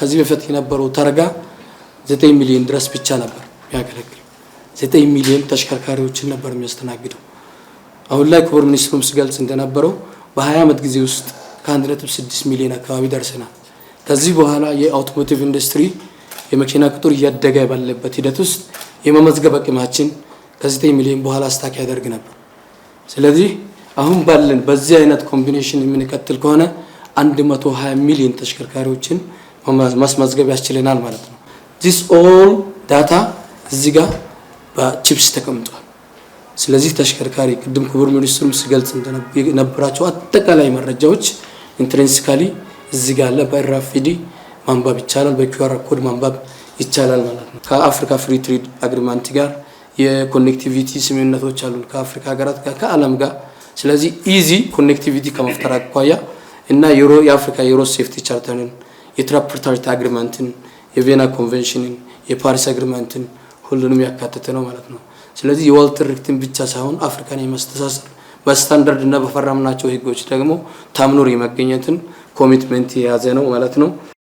ከዚህ በፊት የነበረው ተረጋ 9 ሚሊዮን ድረስ ብቻ ነበር የሚያገለግል። 9 ሚሊዮን ተሽከርካሪዎችን ነበር የሚያስተናግደው። አሁን ላይ ክቡር ሚኒስትሩም ሲገልጽ እንደነበረው በ20 ዓመት ጊዜ ውስጥ ከ1.6 ሚሊዮን አካባቢ ደርሰናል። ከዚህ በኋላ የአውቶሞቲቭ ኢንዱስትሪ የመኪና ቁጥር እያደገ ባለበት ሂደት ውስጥ የመመዝገብ አቅማችን ከ9 ሚሊዮን በኋላ ስታክ ያደርግ ነበር። ስለዚህ አሁን ባለን በዚህ አይነት ኮምቢኔሽን የምንቀጥል ከሆነ 120 ሚሊዮን ተሽከርካሪዎችን ማስመዝገብ ያስችለናል ማለት ነው። ዚስ ኦል ዳታ እዚህ ጋር በቺፕስ ተቀምጧል። ስለዚህ ተሽከርካሪ ቅድም ክቡር ሚኒስትሩም ሲገልጽ የነበራቸው አጠቃላይ መረጃዎች ኢንትሪንሲካሊ እዚህ ጋር አለ። በራፊዲ ማንባብ ይቻላል፣ በኪዩአር ኮድ ማንባብ ይቻላል ማለት ነው። ከአፍሪካ ፍሪ ትሬድ አግሪመንት ጋር የኮኔክቲቪቲ ስምምነቶች አሉ ከአፍሪካ ሀገራት ጋር ከአለም ጋር። ስለዚህ ኢዚ ኮኔክቲቪቲ ከመፍጠር አኳያ እና የአፍሪካ ዩሮ ሴፍቲ ቻርተርን የትራፕርታርት አግሪመንትን፣ የቬና ኮንቬንሽንን፣ የፓሪስ አግሪመንትን ሁሉንም ያካተተ ነው ማለት ነው። ስለዚህ የወል ሪክትን ብቻ ሳይሆን አፍሪካን የማስተሳሰር በስታንዳርድ እና በፈራምናቸው ህጎች ደግሞ ታምኖር የመገኘትን ኮሚትመንት የያዘ ነው ማለት ነው።